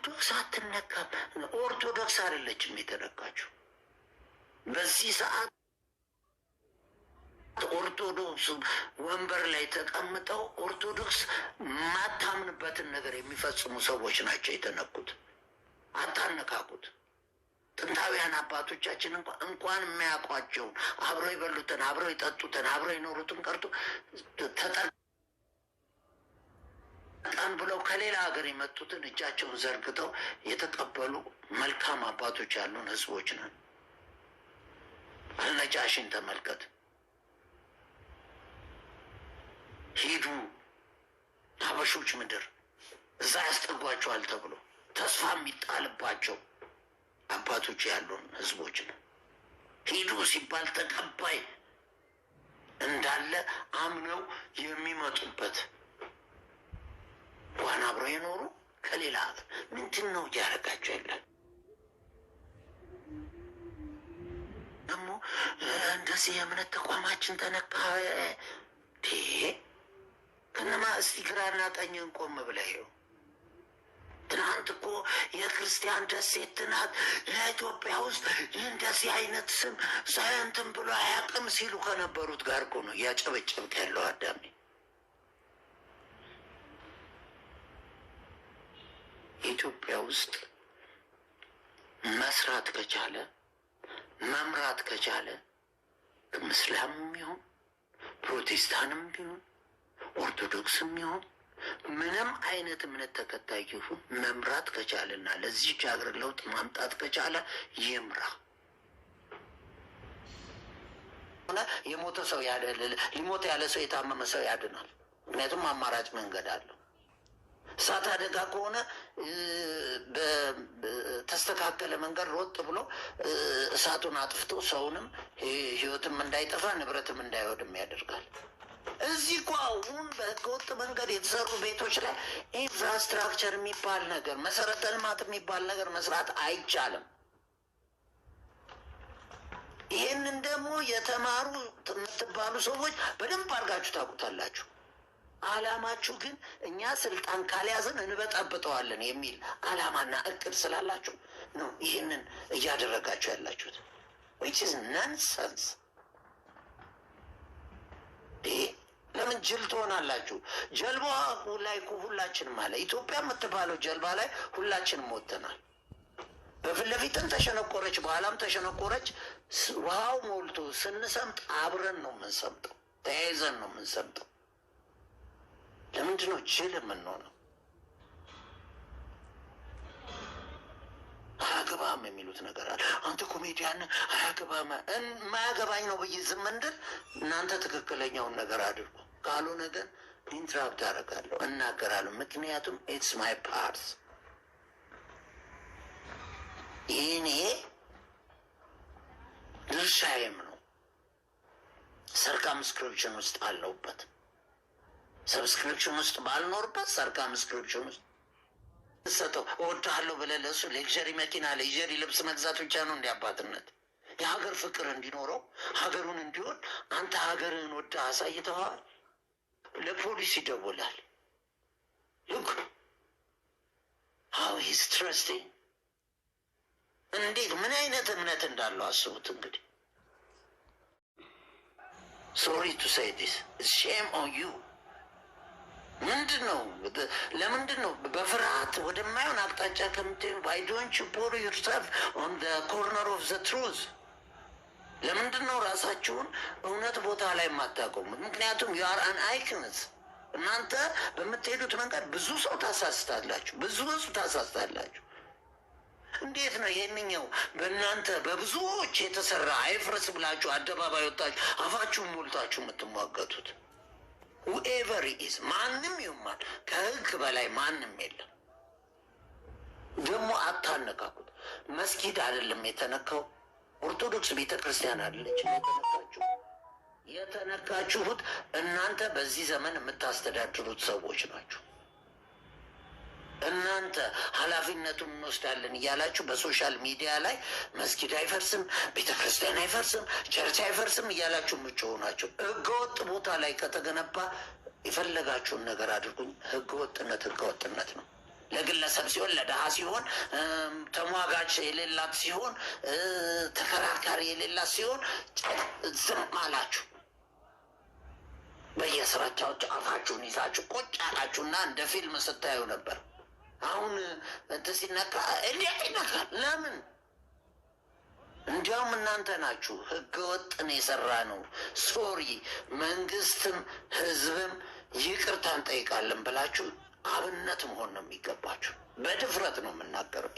ኦርቶዶክስ አትነካም። ኦርቶዶክስ አይደለችም የተነካችው በዚህ ሰዓት ኦርቶዶክስ ወንበር ላይ ተቀምጠው ኦርቶዶክስ ማታምንበትን ነገር የሚፈጽሙ ሰዎች ናቸው የተነኩት። አታነካኩት። ጥንታውያን አባቶቻችን እንኳ እንኳን የሚያውቋቸውን አብረው የበሉትን አብረው የጠጡትን አብረው የኖሩትን ቀርቶ ሀገር የመጡትን እጃቸውን ዘርግተው የተቀበሉ መልካም አባቶች ያሉን ህዝቦች ነን። አልነጫሽን ተመልከት። ሂዱ ሀበሾች ምድር እዛ ያስጠጓቸዋል ተብሎ ተስፋ የሚጣልባቸው አባቶች ያሉን ህዝቦች ነው። ሂዱ ሲባል ተቀባይ እንዳለ አምነው የሚመጡበት ጋር አብረው የኖሩ ከሌላ ምንድን ነው እያደረጋቸው ያለን? ደግሞ እንደዚህ የእምነት ተቋማችን ተነካ። ከነማ እስቲ ግራና ጠኝን ቆም ብለህ ትናንት እኮ የክርስቲያን ደሴት ትናት ለኢትዮጵያ ውስጥ እንደዚህ አይነት ስም ሳይንትን ብሎ አያውቅም ሲሉ ከነበሩት ጋር እኮ ነው እያጨበጨብክ ያለው አዳሜ። ኢትዮጵያ ውስጥ መስራት ከቻለ መምራት ከቻለ እስላምም ይሁን ፕሮቴስታንም ቢሆን ኦርቶዶክስም ይሁን ምንም አይነት እምነት ተከታይ ይሁን መምራት ከቻለና ለዚህ ሀገር ለውጥ ማምጣት ከቻለ ይምራ። የሞተ ሰው ሊሞት ያለ ሰው የታመመ ሰው ያድናል። ምክንያቱም አማራጭ መንገድ አለው። እሳት አደጋ ከሆነ በተስተካከለ መንገድ ሮጥ ብሎ እሳቱን አጥፍቶ ሰውንም ህይወትም እንዳይጠፋ ንብረትም እንዳይወድም ያደርጋል። እዚህ እኮ አሁን በህገወጥ መንገድ የተሰሩ ቤቶች ላይ ኢንፍራስትራክቸር የሚባል ነገር መሰረተ ልማት የሚባል ነገር መስራት አይቻልም። ይህንን ደግሞ የተማሩ የምትባሉ ሰዎች በደንብ አድርጋችሁ ታውቁታላችሁ። አላማችሁ ግን እኛ ስልጣን ካልያዝን እንበጣብጠዋለን የሚል አላማና እቅድ ስላላችሁ ነው ይህንን እያደረጋችሁ ያላችሁት። ዊች ኢዝ ነንሰንስ። ለምን ጅል ትሆናላችሁ? ጀልባ ላይ ሁላችንም አለ ኢትዮጵያ የምትባለው ጀልባ ላይ ሁላችንም ወጥተናል። በፊት ለፊትም ተሸነቆረች፣ በኋላም ተሸነቆረች። ውሃው ሞልቶ ስንሰምጥ አብረን ነው የምንሰምጠው፣ ተያይዘን ነው የምንሰምጠው። ለምንድን ነው ጅል የምንሆነው? አያገባም የሚሉት ነገር አለ። አንተ ኮሜዲያን አያገባም። ማያገባኝ ነው ብዬ ዝም እንድል እናንተ ትክክለኛውን ነገር አድርጉ። ካልሆነ ግን ኢንትራፕት አደርጋለሁ፣ እናገራለሁ። ምክንያቱም ኢትስ ማይ ፓርት ይህኔ ድርሻዬም ነው። ሰርከምስክሪፕሽን ውስጥ አለውበትም። ሰብስክሪፕሽን ውስጥ ባልኖርበት ሰርካም ስክሪፕሽን ውስጥ ሰጠው እወድሃለሁ ብለህ ለእሱ ሌክዠሪ መኪና፣ ሌክዠሪ ልብስ መግዛት ብቻ ነው እንደ አባትነት። የሀገር ፍቅር እንዲኖረው ሀገሩን እንዲሆን አንተ ሀገርህን ወደህ አሳይተኸዋል። ለፖሊስ ይደውላል። ልኩ ሀው ሂዝ ትረስቲንግ እንዴት ምን አይነት እምነት እንዳለው አስቡት እንግዲህ ሶሪ ቱ ሳይ ዲስ ሼም ኦን ዩ ምንድን ነው? ለምንድን ነው በፍርሃት ወደማይሆን አቅጣጫ ከምትሄዱ? አይ ዶንት ዩ ፖር ዩርሰልፍ ኦን ዘ ኮርነር ኦፍ ዘ ትሩዝ። ለምንድን ነው ራሳችሁን እውነት ቦታ ላይ የማታቆሙት? ምክንያቱም ዩ አር አን አይክነስ። እናንተ በምትሄዱት መንገድ ብዙ ሰው ታሳስታላችሁ፣ ብዙ ህዝብ ታሳስታላችሁ። እንዴት ነው ይህንኛው በእናንተ በብዙዎች የተሰራ አይፍረስ ብላችሁ አደባባይ ወጣችሁ አፋችሁን ሞልታችሁ የምትሟገቱት? ሁኤቨር ኢዝ ማንም ይማል ከህግ በላይ ማንም የለም። ደግሞ አታነካኩት። መስጊድ አይደለም የተነካው፣ ኦርቶዶክስ ቤተክርስቲያን ክርስቲያን አይደለች የተነካችሁ። የተነካችሁት እናንተ በዚህ ዘመን የምታስተዳድሩት ሰዎች ናችሁ። እናንተ ኃላፊነቱን እንወስዳለን እያላችሁ በሶሻል ሚዲያ ላይ መስጊድ አይፈርስም፣ ቤተክርስቲያን አይፈርስም፣ ቸርች አይፈርስም እያላችሁ የምትጮሁ ናቸው። ህገወጥ ቦታ ላይ ከተገነባ የፈለጋችሁን ነገር አድርጉኝ። ህገወጥነት ህገወጥነት ነው። ለግለሰብ ሲሆን ለድሀ ሲሆን ተሟጋች የሌላት ሲሆን ተከራካሪ የሌላት ሲሆን ዝም አላችሁ። በየስራቻዎች አፋችሁን ይዛችሁ ቁጭ እና እንደ ፊልም ስታዩ ነበር። ሲነካ እንዴት ይነካል? ለምን? እንዲያውም እናንተ ናችሁ ህገ ወጥን የሰራ ነው። ሶሪ መንግስትም ህዝብም ይቅርታ እንጠይቃለን ብላችሁ አብነት መሆን ነው የሚገባችሁ። በድፍረት ነው የምናገረው።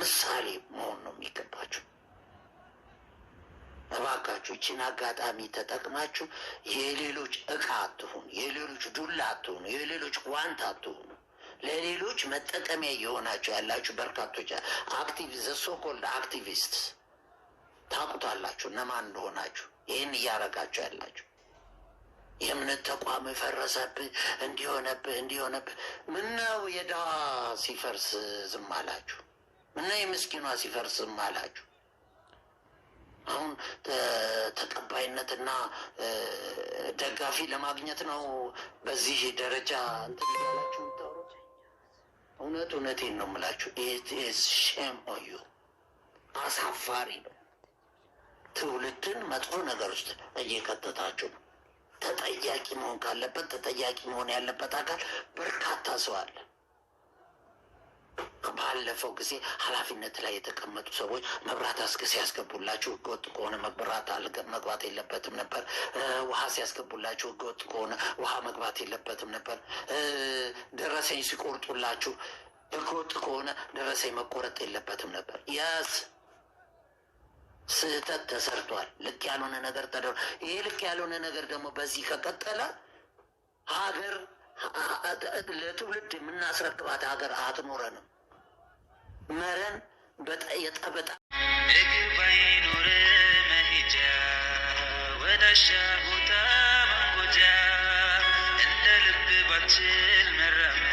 ምሳሌ መሆን ነው የሚገባችሁ። እባካችሁ ይህችን አጋጣሚ ተጠቅማችሁ የሌሎች እቃ አትሆኑ፣ የሌሎች ዱላ አትሆኑ፣ የሌሎች ጓንት አትሆኑ። ለሌሎች መጠቀሚያ እየሆናቸው ያላችሁ በርካቶች አክቲቭ ዘ ሶኮልድ አክቲቪስት ታቁታላችሁ እነማን እንደሆናችሁ። ይህን እያረጋችሁ ያላችሁ የእምነት ተቋም ፈረሰብህ እንዲሆነብህ እንዲሆነብህ ምነው የድሃ ሲፈርስ ዝም አላችሁ? ምነው የምስኪኗ ሲፈርስ ዝም አላችሁ? አሁን ተቀባይነትና ደጋፊ ለማግኘት ነው በዚህ ደረጃ እንትን እውነት እውነቴን ነው የምላችሁ። ሼም ዩ አሳፋሪ ነው። ትውልድን መጥፎ ነገር ውስጥ እየከተታችሁ ነው። ተጠያቂ መሆን ካለበት ተጠያቂ መሆን ያለበት አካል በርካታ ሰው አለ። ባለፈው ጊዜ ኃላፊነት ላይ የተቀመጡ ሰዎች መብራት አስገ ሲያስገቡላችሁ ህገወጥ ከሆነ መብራት መግባት የለበትም ነበር። ውሃ ሲያስገቡላችሁ ህገወጥ ከሆነ ውሃ መግባት የለበትም ነበር። ደረሰኝ ሲቆርጡላችሁ ህገወጥ ከሆነ ደረሰኝ መቆረጥ የለበትም ነበር። ያስ ስህተት ተሰርቷል። ልክ ያልሆነ ነገር ተደ ይሄ ልክ ያልሆነ ነገር ደግሞ በዚህ ከቀጠለ ሀገር ለትውልድ የምናስረክባት ሀገር አትኖረንም። መረን የጠበጣ እግር ባይኖር መሄጃ ወዳሻ ቦታ ማንጎጃ እንደ ልብ ባችል መራመድ